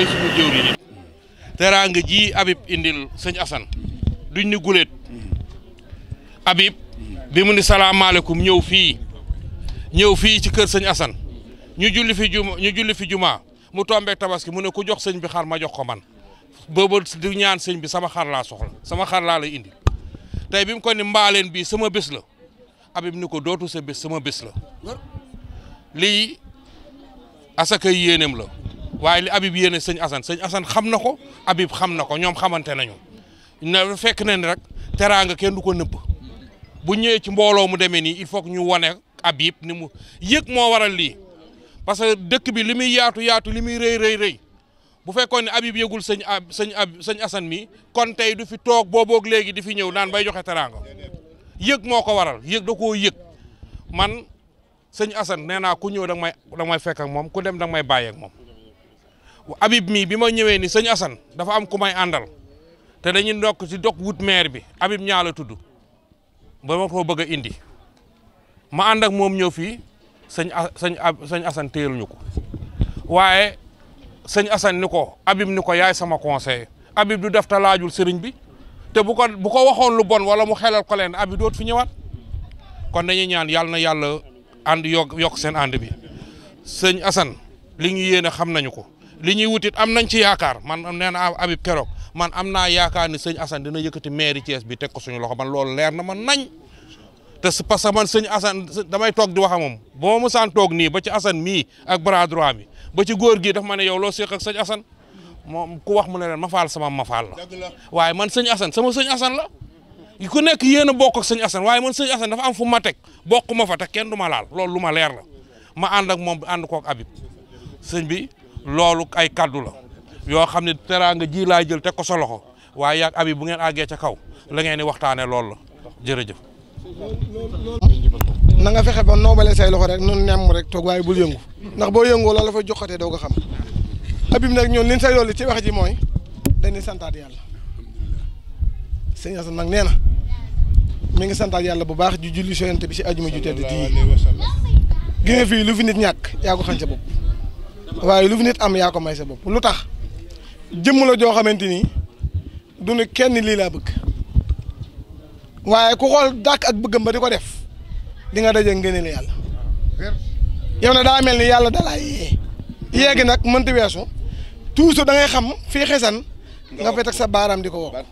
day suñu jëwriñ ji Habib indil sëñ Assane duñ ni guléet Habib bi mu ni salaamaaleykum ñëw fii ñëw fii ci kër sëñ Assane ñu julli fi juma ñu julli fi juma mu tombee tabaski mu ne ku jox sëñ bi xar ma jox ko man booba du ñaan sëñ bi sama xar laa soxla sama xar la lay indil tey bi mu ko ni mbaaleen bii sama bés la Habib ni ko dootu sa sama bés la lii asaka yéeneem la waaye li Habib yéene sëñ Assane sëñ Assane xam na ko Habib xam na ko ñoom xamante nañu ne fekk na ni rek teraanga kenn du ko nëbb bu ñëwee ci mbooloo mu demee nii il faut que ñu wane Habib ni mu yëg moo waral lii parce que dëkk bi li muy yaatu yaatu li muy rëy rëy rëy bu fekkoon ne Habib yëgul sëñ sëñ ab sëñ Assane mi kon tey du fi toog booboog léegi di fi ñëw naan bay joxe teraanga yëg moo ko waral yëg da koo yëg man sëñ Assane nee naa ku ñëw danga may danga may fekk moom ku dem danga may bàyyi moom. Habib mii bi ma ñëwee ni sëñ Assane dafa am ku may àndal te dañuy ndokk si dog wut maire bi Habib ñaa la tudd ba ma ko bëgg indi ma ànd moom ñëw fii sëñ sëñ sëñ Assane ñu ko waaye sëñ Assane ni ko Habib ni ko yaay sama conseil Habib du def ta laajul sëriñ bi te bu ko bu ko waxoon lu bon wala mu xelal ko leen Habib doot fi ñëwaat kon dañuy ñaan yàlla na yàlla ànd yokk yokk seen ànd bi sëñ Assane li ñu yéene xam nañu ko li ñuy wutit am nañ ci yaakaar man nee na Habib keroog man am naa yaakaar ni sëñ Assane dina yëkkati mairie Thiès bi teg ko suñ loxo man loolu leer na ma nañ te parce que man sëñ Assane damay toog di wax ak moom ba ma musaan toog nii ba ci Assane mii ak bras bi ba ci góor gi daf ma yow loo seq ak sëñ Assane moom ku wax mu ne leen ma sama ma faal la waaye man sëñ Assane sama sëñ Assane la ku nekk yéen a bokk sëñ Assane waaye man sëñ Assane dafa am fu ma teg bokk ma fa teg kenn du ma laal loolu lu ma leer la ma ànd ak moom ànd kook Habib sëñ bi loolu ay kaddu la yoo xam ne nga ji laa jël te ko sa loxo waaye yaag abi bu ngeen àggee ca kaw la ngeen di waxtaanee loolu la jërëjëf. na nga fexe ba noobale say loxo rek nu nemm rek toog waaye bul yëngu ndax boo yëngoo loolu fa joxatee doo ko xam abib nag ñun liñ say loolu ci wax ji mooy dañuy santaat yàlla sëñ Assane nag nee na mi ngi santaat yàlla bu baax ju julli soyante bi si ajuma ju tedd di gi nga fii lu fi nit ñàkk yaa ko xam bopp waaye lu fi nit am yaa ko may sa bopp lu tax jëmm la joo xamante ni du ne kenn lii laa bëgg waaye ku xool dàkk ak bëggam ba di ko def di nga daje ngëneel yàlla yow na daa mel ni yàlla dalaa yee yeegi nag mënti weesu toujours da ngay xam fii xesan nga fay teg sa baaraam di ko wokk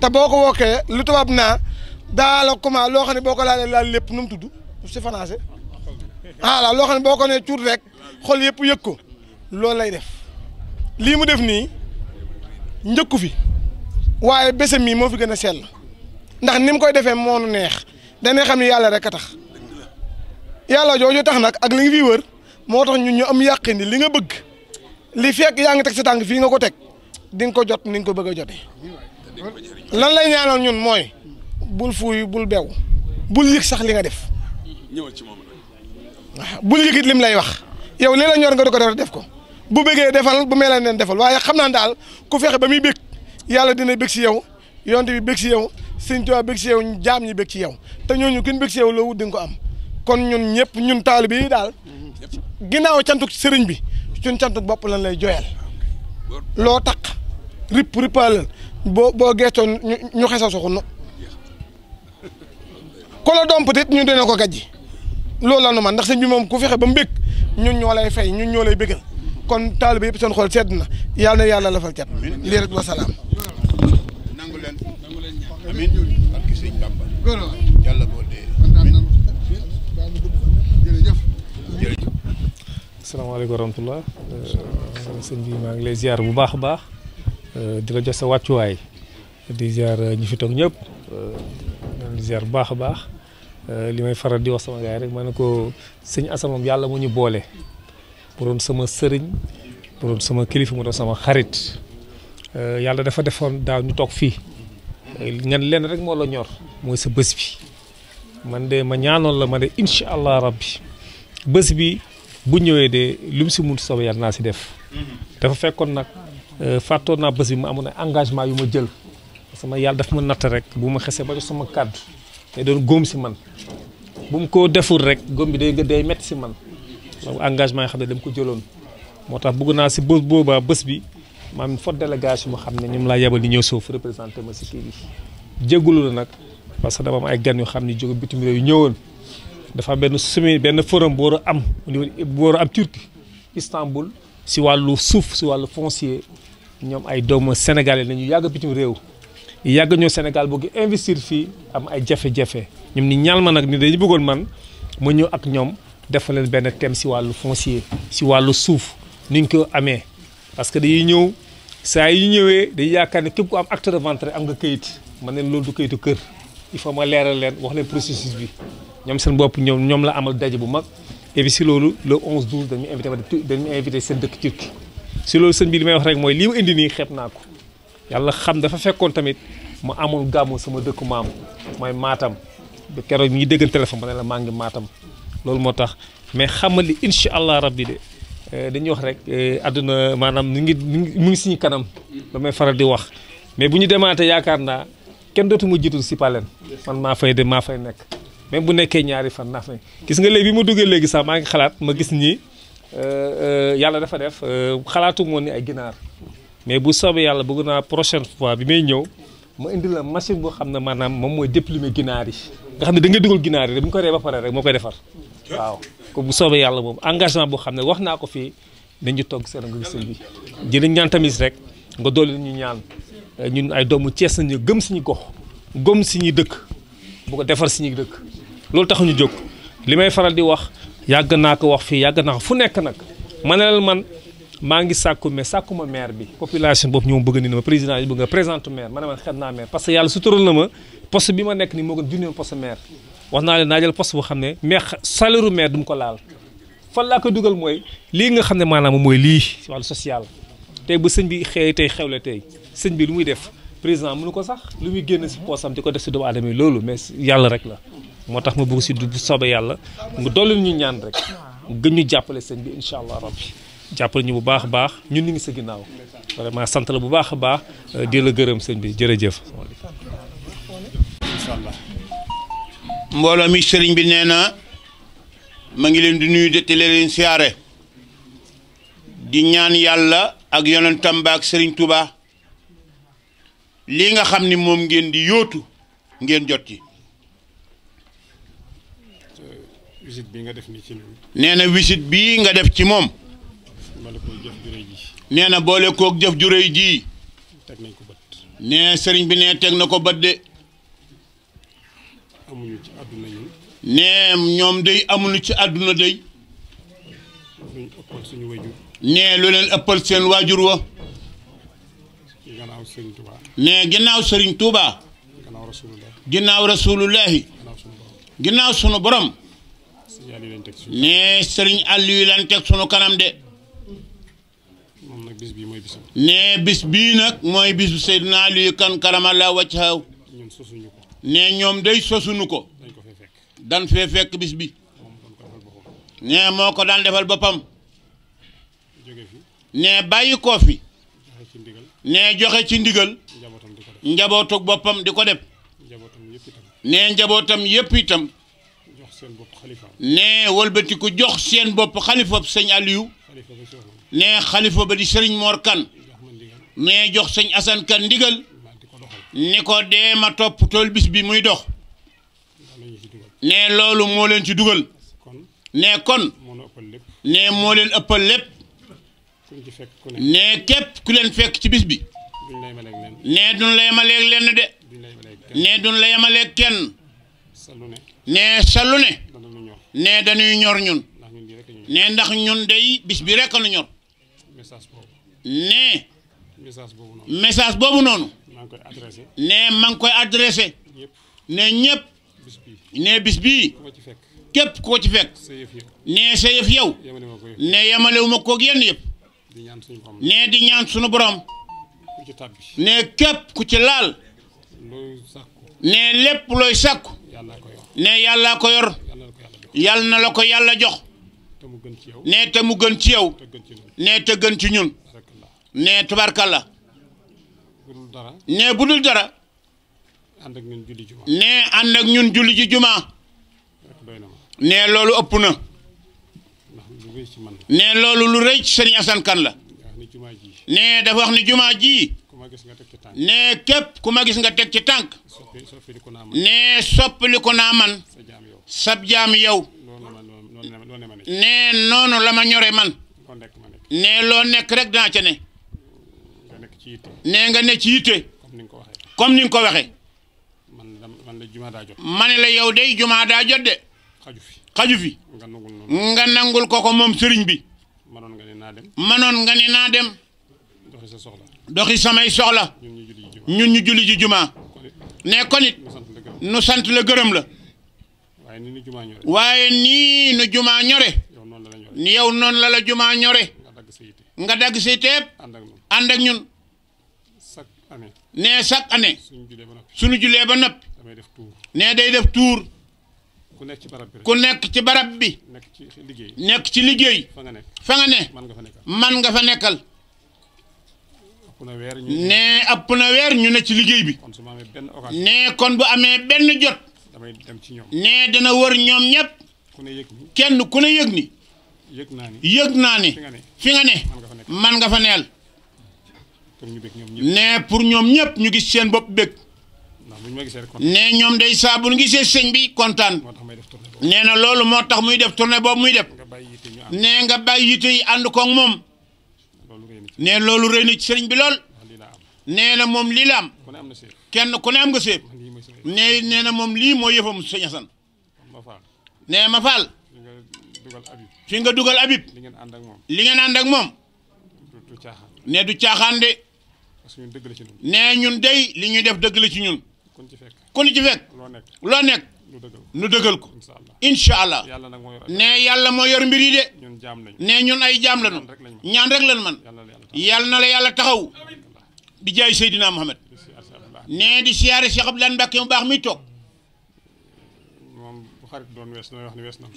te boo ko wokkee lu tubaab naa daa la comment loo xam ne boo ko laalee laal lépp nu mu tudd si français ah loo xam ne boo ko nee cuut rek. xol yëpp yëg ko loolu lay def lii mu def nii njëkku fi waaye bésam mii moo fi gën a sell ndax ni mu koy defee moonu neex dañuy xam ne yàlla rek a tax yàlla jooju tax nag ak li nga fi wër moo tax ñun ñu am yàqin li nga bëgg li fekk yaa ngi teg sa tànk fii nga ko teg di nga ko jot ni nga ko bëgg a jotee lan lay ñaanal ñun mooy bul fuuy bul bew bul yëg sax li nga def. ñëwal ci moom bul yëg it lim lay wax. yow li la ñor nga di ko def def ko bu bëggee defal bu melee neen defal waaye xam naa daal ku fexe ba muy bëgg yàlla dina bëgg si yow yonte bi bëgg si yow sëñ Tuubaa bëgg si yow jaam ñi bég ci yow te ñu kin bëgg si yow loo wut di nga ko am kon ñun ñëpp ñun taalibe yi daal ginnaaw cantuk sëriñ bi suñ cantuk bopp lan lay joyal loo tax rip ripalal boo boo geestoon ñu xesaw soxu no ko la domp tit ñu dina ko gajji loolu la nu man ndax sëñ bi moom ku fexe ba mu bëgg ñun ñoo lay fay ñun ñoo lay bëggal kon taalibe yëpp seen xool sedd na yàlla na yàlla lafal cat lii rek wa salaam. nangu leen nangu leen ñaan amiin ak sëñ Bamba yàlla boo dee jërëjëf euh, bu baax a baax euh, di la jox sa wàccuwaay di ziar euh, ñi fi toog ñëpp di bu baax a baax Euh, li may faral di wax sama gars yi rek ma ne ko sëñ Assane yàlla mu ñu boole mu doon sama sëriñ mu doon sama kilifa mu sama xarit euh, yàlla dafa defoon daal ñu toog fii ngeen lenn rek moo la ñor mooy sa bés bi man de ma ñaanoon la ma de incha allah rabbi bés bi bu ñëwee de lu mu si mun soobee yàlla naa si def dafa fekkoon nag euh, fàttoon naa bés bi ma amoon engagement yu ma jël sama yàlla dafa ma natt rek bu ma xesee ba jox sama kàddu te doon góom si man bu mu ko deful rek góom bi day day métti si man loolu engagement yi xam ne dam ko jëloon moo tax bëgg naa si bés boobaa bës bi maam fa délégation mu xam ne ñoom laa yebal ni ñëw soofu représenté ma si kii bi la nag parce que dama am ay gan yoo xam ne jóge bitim réew yu ñëwoon dafa am benn sommet benn forum bu war am bu war a am Turquie Istanbul si wàllu suuf si wàllu foncier ñoom ay doomu Sénégalais la ñu yàgg bitim réew yàgg ñoo Sénégal bëgg investir fii am ay jafe-jafe ñoom ni ñaal ma nag ni dañu bëggoon man ma ñëw ak ñoom defal benn thème si wàllu foncier si wàllu suuf ni ñu ko amee parce que dañuy ñëw saa yi ñëwee dañuy yaakaar ni képp ku am acte de vente am nga kayit ma ne loolu du kayitu kër il faut ma leeral leen wax leen processus bi ñoom seen bopp ñoom ñoom la a daje bu mag et puis si loolu le 11 12 dañu invité dañu invité seen dëkk Turquie si loolu sëñ bi li wax rek mooy li indi nii xeeb naa ko yàlla xam dafa fekkoon tamit mu amul gàmmu sama dëkku maam mooy maatam ba keroog ñuy déggal téléphone ba ne la maa ngi maatam loolu moo tax mais xam xamal li incha rab rabbi de euh, dañuy wax rek euh, àdduna maanaam mu ngi mu ngi suñu kanam damay faral di wax mais bu ñu demaatee yaakaar ndaa kenn dootu ma jiitul si paleen man maa fay de maa fay nekk même bu nekkee ñaari fan naa fay gis nga léegi bi ma duggee léegi sax maa ngi xalaat ma gis nii euh, yàlla dafa def xalaatu moon ni ay ginaar mais bu soobee yàlla bëgg naa prochaine fois bi may ñëw ma indi la machine boo xam ne maanaam moom mooy déplumer ginaar yi nga xam ne da nga dugal ginaar yi bu ñu ko ree ba pare rek moo koy defar waaw ko bu soobee yàlla moom engagement boo xam ne wax naa ko fii nañu togg seen nga sëñ bi jënañ ñaan tamit rek nga dolli ñu ñaan ñun ay doomu Cees nañu gëm suñu gox gëm suñuy dëkk bu ko defar suñuy dëkk loolu tax ñu jóg li may faral di wax yàgg naa ko wax fii yàgg naa fu nekk nag maa ngi sàkku mais sàkkuma maire bi population boobu ñoom bëgg ni na ma président yi nga présente maire ma man xet naa maire parce que yàlla sutural na ma poste bi ma nekk ni moo gën a poste naa leen naa jël poste ne maire salaire maire du mu ko laal fan laa ko dugal mooy lii nga xam ne maanaam mooy lii ci wàllu social tey ba sëñ bi xëy tey xewle tey sëñ bi lu muy def président mënu ko sax lu muy génn si poosam di ko def si doomu aadama yi loolu mais yàlla rek la moo tax ma bëgg si du soobee yàlla nga dolli ñu ñaan rek gën ñu jàppale sëñ bi incha allah rabbi jàppal ñu bu baax a baax ñun ñu ngi sa ginnaaw vraiment sant la bu baax a baax euh, di la gërëm sëñ bi jërëjëf. mbooloo mi sëriñ bi nee na ma ngi leen di nuyu de te leen siyaare di ñaan yàlla ak yonentam ba sëriñ Touba lii nga xam ni moom ngeen di yootu ngeen jot ci. visite bi nga def nii nee na visite bii nga def ci moom. boole koog jëf nee na boole koog jëf ju rëy ji. teg nañ ko bët. nee sëriñ bi ne teg na ko bët de. amuñu ci àdduna ñun. nee ñoom day amuñu ci àdduna day. suñu wajur. nee lu leen ëppal seen waajur wa. ginnaaw nee ginnaaw sëriñ Touba. ginnaaw rasulullah. ginnaaw sunu borom. nee sëriñ Aliou lan teg sunu kanam de. bis bii mooy bis bi. nee bis bii nag mooy bisu Seydina Aliyu Kan karamallaa wajhahu. ñun sosuñu ko. nee ñoom day sosuñu ko. dañ ko fee fekk. dañ fee bis bi. nee moo ko daan defal boppam. nee bàyyi koo fi. nee joxe ci ndigal. njabootu boppam di ko def. nee njabootam yépp itam. nee wëlbatiku jox seen bopp xalifa sëñ Aliou. nee xalifa ba di sëriñ Mor Kan nee jox sëñ Asan Kan ndigal ni ko dee ma topp tool bis bi muy dox nee loolu moo leen ci dugal ne kon nee moo leen ëppal lépp nee képp ku leen fekk ci bis bi nee duñ la yemaleeg lenn de nee duñ la yemaleeg kenn nee sallu ne nee dañuy ñor ñun nee ndax ñun day bis bi rekk nu ñor nee. message boobu noonu. message boobu noonu. maa ngi koy nee maa koy adressé. nee ñëpp. bis bii nee bis bii. ku ko ci fekk. képp ku ko ci fekk. nee sa yëf yow. nee yamalewu ma koog yenn yëpp. nee di ñaan suñu borom. nee képp ku ci laal. nee lépp looy sàkku. nee yàllaa ko yor. yàlla na la ko yàlla jox. nee te mu gën ci yow. nee te gën ci ñun. nee tubarkalla. la dara nee budul dara. ànd ak ñun julli juma. nee ànd ak ñun julli ji juma. nee loolu ëpp na. ne loolu lu rëy ci sëñ Assane Kane la. ne dafa wax ni juma ji. nee képp ku ma gis nga teg ci tànk. nee soppali ko naa man. sab jaam yow. nee noonu la ma ñore man. nee loo nekk rek danaa ca ne. nee nga ne ci yitte. comme ni nga ko waxee. man la man la jumaa daa jot. ma la yow day jumaa daa jot de. xaju fi xaju fi. nga nangul nga nangul ko ko moom sëriñ bi. manoon nga ni naa dem. manoon nga naa dem. doxi sa soxla. doxi samay soxla. ñun ñu julli ji jumaa ne kon it nu sant la gërëm la. waaye nii nu jumaa ñore. waaye nii nu jumaa ñore. yow noonu la la yow noonu la la jumaa ñore. nga dagg sa yite. nga ñun. chaque année. nee chaque année. suñu julee ba noppi. suñu julee ba noppi. damay def tour. nee day def tour. ku nekk ci barab bi ku nekk ci barab bi. ci liggéey. nekk ci liggéey. fa nga fa nga ne. man nga fa nekkal man nga fa nekkal. nee ëpp na weer ñu nekk ci liggéey bi. nee kon bu amee benn jot. damay dem ci ñoom. nee dana wër ñoom ñëpp. kenn ku ne yëg ni. yëg naa ni yëg naa ni. fi nga ne. fi nga ne man nga fa neel. ne pour ñoom ñëpp ñu gis seen bopp bëgg ne ñoom day saa bu ñu gisee sëñ bi kontaan nee na loolu moo tax muy def tournée boobu muy def nee nga bàyyi yite yi ànd koog moom ne loolu rëy na ci sëriñ bi lool ah, nee na moom lii la am kenn ku ne am nga séeb ne nee na moom lii moo yëfam sëñ Asan nee ma faal fi nga dugal Habib li ngeen ànd ak moom ne du caaxaan de parce dëgg la ci ñun. nee ñun day li ñuy def dëgg la ci ñun. kon ci fekk kon ci fekk. loo nekk loo nekk. nu dëggal ko incha allah nee yàlla moo yor mbir yi de nee ñun ay jaam lañu ñaan rek lañ man yàlla na la yàlla taxaw di jaay Seydina Mohamed nee di siyaare Cheikh Abdoulaye Mbacke mu baax mi toog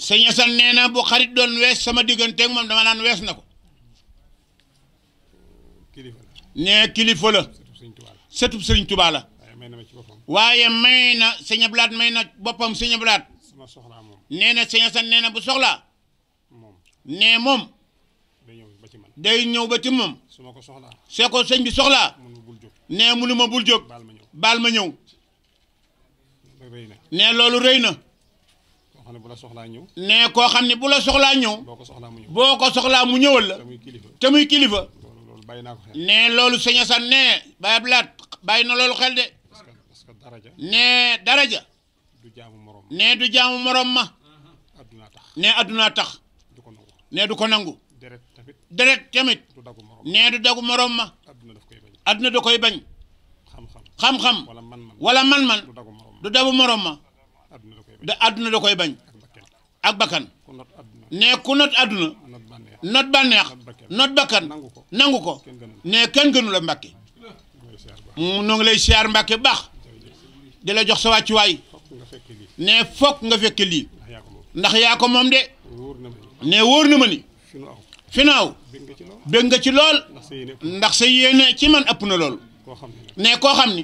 sëñ Assane nee na bu xarit doon wees sama digganteeg moom dama naan wees na ko nee kilifa la sëtub sëriñ Tuubaa la waaye may na sëñ Ablaat may na boppam sëñ Ablaat nee na sëñ Asan nee na bu soxlaa nee moom day ñëw ba ci moom soo ko sëñ bi soxlaa nee munu ma bul jóg baal ma ñëw nee loolu rëy na nee koo xam ne bu la soxlaa ñëw boo ko soxla mu ñëwal la te muy kilifa bàyyi naa ko ne loolu sëñ Assane ne Baye bàyyi na loolu xel de. ne daraja. du jaamu morom ne du jaamu morom ma. tax ne adduna tax. du ko nangu ne du ko nangu. deret tamit deret tamit. du dagu ne du dagu morom ma. adduna daf koy bañ adduna koy bañ. xam-xam wala man-man wala man-man. du dagu morom ma du dagu morom ma. adduna da koy bañ koy bañ. ak bakkan ne ku not àdduna not bànneex not bakkan nangu ko ne kenn gënu la mbàkke noo ngi lay siyaar mbàkke baax di la jox sa wàccuwaay ne fokk nga fekke lii ndax yaa ko moom de ne wóor na ma ni finaaw bëgg nga ci lool ndax sa yéene ci man ëpp na lool ne koo xam ni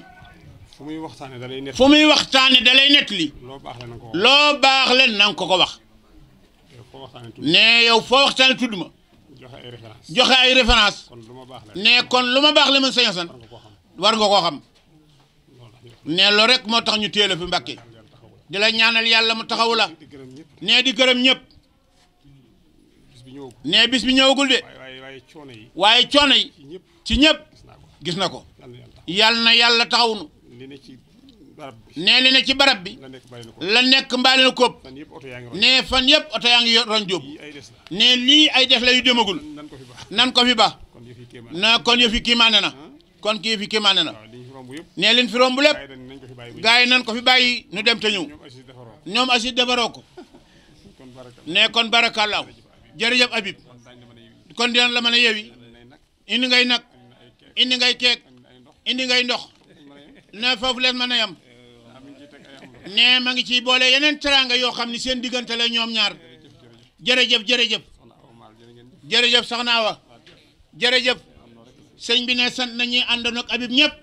foo muy waxtaane da lay nett li loo baax leen na ko ko wax ne yow foo waxtaanee tudd ma. joxe ay référence joxe ay référence ne kon lu ma baax la man sëñ Assane war nga koo xam ne loolu rek moo tax ñu téela fi Mbàkke di la ñaanal yàlla mu taxawu la ne di gërëm ñëpp ne bis bi ñëwagul de waaye coono yi ci ñëpp gis na ko yàlla na yàlla taxaw nu nee li ne ci barab bi la nekk mbaale na kóob nee fan yëpp oto yaa ngi roñ jóob nee lii ay def la yu demagul nan ko fi ba na kon yëf yi kiimaane na kon ki yëf yi kiimaane na nee liñ fi romb lépp gars yi nan ko fi bàyyi nu dem te ñëw ñoom asi defaroo ko ne kon barakallaahu a Habib kon dinañ la mën a yewi indi ngay nag indi ngay keek indi ngay ndox ne foofu leen mën a yam nee ma ngi ciy boole yeneen teraanga yoo xam ni seen diggante la ñoom ñaar jërëjëf jërëjëf jërëjëf soxna Awa jërëjëf sëñ bi ne sant nañuy àndoon ak Habib ñëpp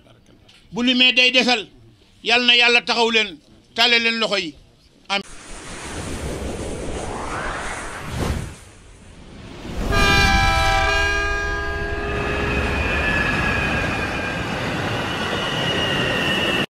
bu limee day desal yal na yàlla taxaw leen tale leen loxo yi.